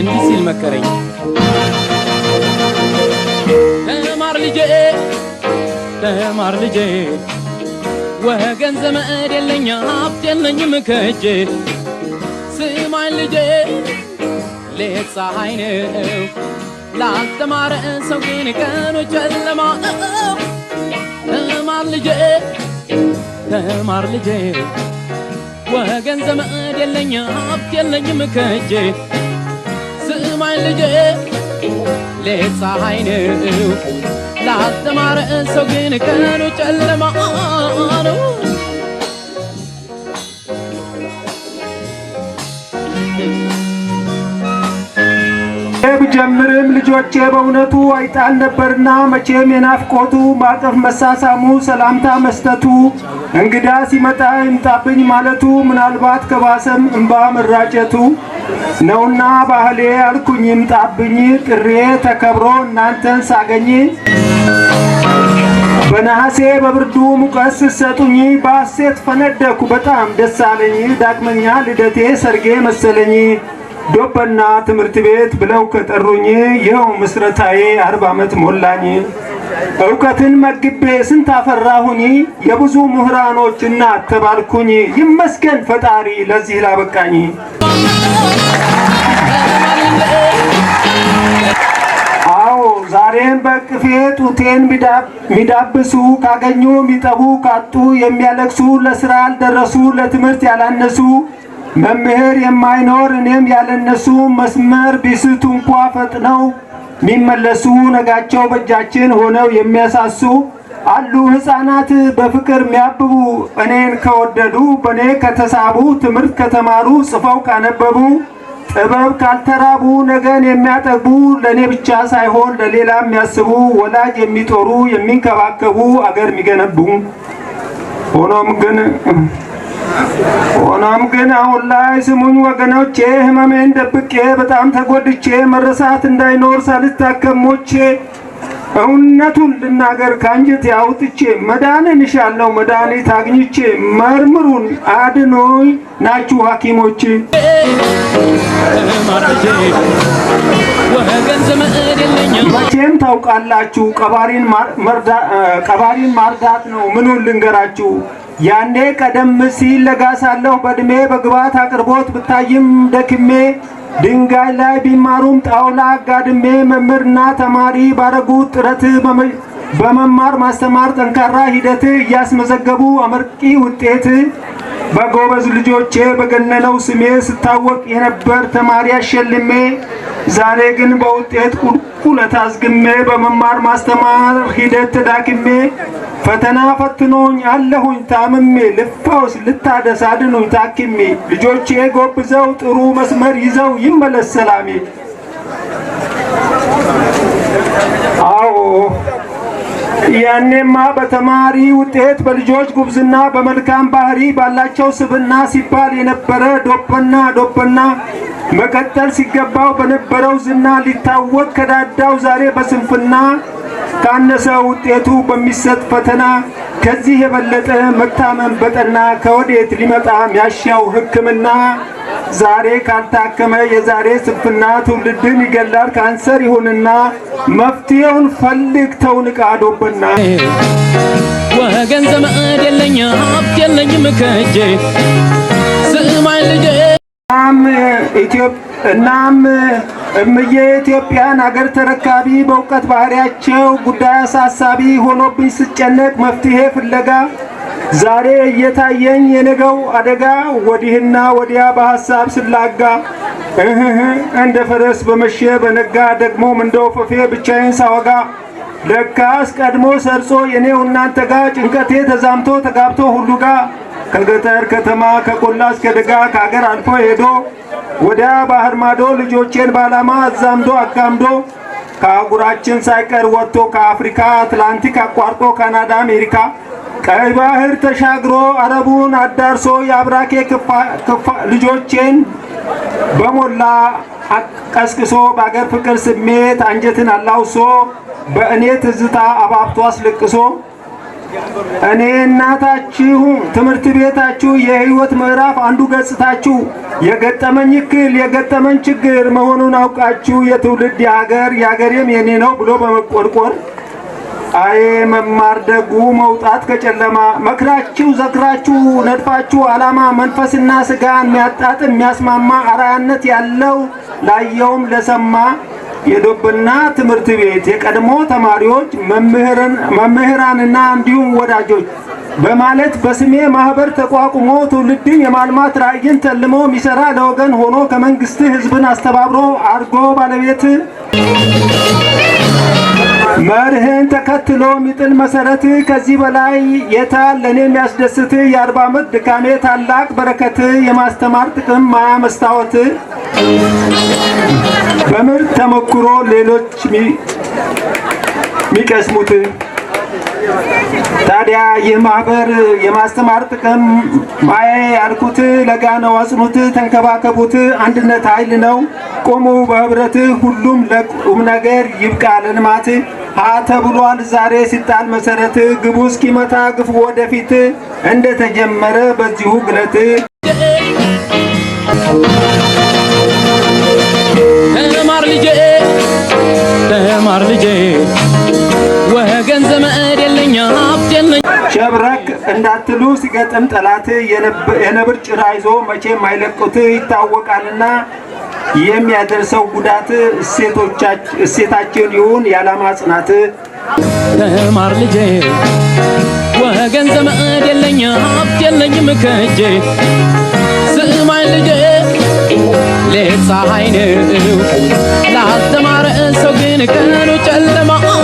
እንዲህ ሲል መከረኝ። ተማር ልጄ ተማር ልጄ ወገን ዘመድ የለኝ ሀብት የለኝም ከእጄ። ስማኝ ልጄ ሌት ፀሐይ ነው ላልተማረ ሰው ግን ቀኑ ጨለማ። ተማር ልጄ ተማር ልጄ ወገን ዘመድ የለኝ ሀብት የለኝም ከእጄ ሰማይን ልጅ ሌት ፀሐይ ነው ላስተማረ ሰው ግን ቀኑ ጨለማ እኔንም ልጆቼ በእውነቱ አይጣል ነበርና መቼም የናፍቆቱ ማቀፍ መሳሳሙ፣ ሰላምታ መስጠቱ፣ እንግዳ ሲመጣ ይምጣብኝ ማለቱ ምናልባት ከባሰም እምባ መራጨቱ ነውና ባህሌ አልኩኝ ይምጣብኝ ጥሬ ተከብሮ እናንተን ሳገኝ በነሐሴ በብርዱ ሙቀት ስሰጡኝ በሐሴት ፈነደኩ በጣም ደስ አለኝ። ዳግመኛ ልደቴ ሰርጌ መሰለኝ ዶበና ትምህርት ቤት ብለው ከጠሩኝ ይኸው ምስረታዬ አርባ ዓመት ሞላኝ። እውቀትን መግቤ ስንት አፈራሁኝ፣ የብዙ ምሁራኖች እናት ተባልኩኝ። ይመስገን ፈጣሪ ለዚህ ላበቃኝ። አዎ ዛሬን በቅፌ ጡቴን ሚዳብሱ ካገኙ ሚጠቡ ካጡ የሚያለቅሱ ለስራ ያልደረሱ ለትምህርት ያላነሱ መምህር የማይኖር እኔም ያለነሱ መስመር ቢስቱ እንኳ ፈጥነው የሚመለሱ ነጋቸው በእጃችን ሆነው የሚያሳሱ አሉ ሕፃናት በፍቅር የሚያብቡ እኔን ከወደዱ በእኔ ከተሳቡ ትምህርት ከተማሩ ጽፈው ካነበቡ ጥበብ ካልተራቡ ነገን የሚያጠቡ ለእኔ ብቻ ሳይሆን ለሌላ የሚያስቡ ወላጅ የሚጦሩ የሚንከባከቡ አገር የሚገነቡ ሆኖም ግን ሆኖም ግን አሁን ላይ ስሙኝ ወገኖቼ፣ ህመሜን ደብቄ በጣም ተጎድቼ መረሳት እንዳይኖር ሳልታከም ሞቼ እውነቱን ልናገር ከአንጀት ያውጥቼ መዳንን እሻለሁ መድኃኒት አግኝቼ መርምሩን አድኖይ ናችሁ ሐኪሞቼ መቼም ታውቃላችሁ ቀባሪን ማርዳት ነው ምኑን ልንገራችሁ ያኔ ቀደም ሲል ለጋ ሳለሁ በዕድሜ በግብዓት አቅርቦት ብታይም ደክሜ ድንጋይ ላይ ቢማሩም ጣውላ አጋድሜ መምህርና ተማሪ ባረጉት ጥረት በመማር ማስተማር ጠንካራ ሂደት እያስመዘገቡ አመርቂ ውጤት በጎበዝ ልጆቼ በገነነው ስሜ ስታወቅ የነበር ተማሪ አሸልሜ ዛሬ ግን በውጤት ቁልቁለት አዝግሜ በመማር ማስተማር ሂደት ተዳክሜ ፈተና ፈትኖኝ አለሁኝ ታምሜ ልፈውስ ልታደስ አድኑኝ ታክሜ ልጆቼ ጎብዘው ጥሩ መስመር ይዘው ይመለስ ሰላሜ። አዎ ያኔማ በተማሪ ውጤት፣ በልጆች ጉብዝና፣ በመልካም ባህሪ፣ ባላቸው ስብና ሲባል የነበረ ዶፐና ዶፐና መቀጠል ሲገባው በነበረው ዝና ሊታወቅ ከዳዳው ዛሬ በስንፍና ካነሰ ውጤቱ በሚሰጥ ፈተና ከዚህ የበለጠ መታመን በጠና ከወዴት ሊመጣ ሚያሻው ሕክምና ዛሬ ካልታከመ የዛሬ ስንፍና ትውልድን ይገላል። ካንሰር ይሁንና መፍትሄውን ፈልግ ተውንቃ አዶበና ወገን ዘመድ የለኝ ሀብት ስማይ ልጄ እናም እምዬ ኢትዮጵያን አገር ተረካቢ በእውቀት ባህሪያቸው ጉዳይ አሳሳቢ ሆኖብኝ ስጨነቅ መፍትሄ ፍለጋ ዛሬ እየታየኝ የነገው አደጋ ወዲህና ወዲያ በሐሳብ ስላጋ እህህ እንደ ፈረስ በመሸ በነጋ ደግሞም እንደ ወፈፌ ብቻዬን ሳወጋ ለካስ ቀድሞ ሰርጾ የኔው እናንተ ጋ ጭንቀቴ ተዛምቶ ተጋብቶ ሁሉ ጋ ከገጠር ከተማ ከቆላ እስከ ደጋ ከአገር አልፎ ሄዶ ወዲያ ባህር ማዶ ልጆቼን ባላማ አዛምዶ አጋምዶ ከአህጉራችን ሳይቀር ወጥቶ ከአፍሪካ አትላንቲክ አቋርጦ ካናዳ አሜሪካ ቀይ ባህር ተሻግሮ አረቡን አዳርሶ የአብራኬ ልጆቼን በሞላ ቀስቅሶ በአገር ፍቅር ስሜት አንጀትን አላውሶ በእኔ ትዝታ አባብቶ አስለቅሶ እኔ እናታችሁ ትምህርት ቤታችሁ የህይወት ምዕራፍ አንዱ ገጽታችሁ የገጠመኝ እክል የገጠመኝ ችግር መሆኑን አውቃችሁ የትውልድ የሀገር የሀገሬም የኔ ነው ብሎ በመቆርቆር አይ መማር ደጉ መውጣት ከጨለማ መክራችሁ ዘክራችሁ ነድፋችሁ ዓላማ መንፈስና ስጋን የሚያጣጥም የሚያስማማ አራያነት ያለው ላየውም ለሰማ የዶብና ትምህርት ቤት የቀድሞ ተማሪዎች መምህራንና እንዲሁም ወዳጆች በማለት በስሜ ማህበር ተቋቁሞ ትውልድን የማልማት ራዕይን ተልሞ የሚሰራ ለወገን ሆኖ ከመንግስት ህዝብን አስተባብሮ አድርጎ ባለቤት መርህን ተከትሎ ሚጥል መሰረት ከዚህ በላይ የታ ለእኔ የሚያስደስት የአርባ ዓመት ድካሜ ታላቅ በረከት የማስተማር ጥቅም ማያ መስታወት በምርት ተሞክሮ ሌሎች ሚቀስሙት ታዲያ ይህ ማህበር የማስተማር ጥቅም ማየ ያልኩት ለጋ ነው። አጽኑት፣ ተንከባከቡት። አንድነት ኃይል ነው። ቆሙ በህብረት ሁሉም ለቁም ነገር ይብቃ ለልማት ብሏል። ዛሬ ሲጣል መሰረት ግቡ እስኪመታ ግፉ ወደፊት እንደተጀመረ በዚሁ ግለት ተማር ልጄ ተማር ልጄ ወገን ዘመድ የለኛ ሸብረክ እንዳትሉ ሲገጥም ጠላት የነብር ጭራ ይዞ መቼም አይለቁት ይታወቃልና የሚያደርሰው ጉዳት እሴታችን ይሁን የዓላማ ጽናት ተማር ልጄ ወገን ዘመድ የለኝ ሀብት የለኝም ከእጄ ስማኝ ልጄ ሌት ፀሐይ ነው ላስተማረ ሰው ግን ቀኑ ጨለማ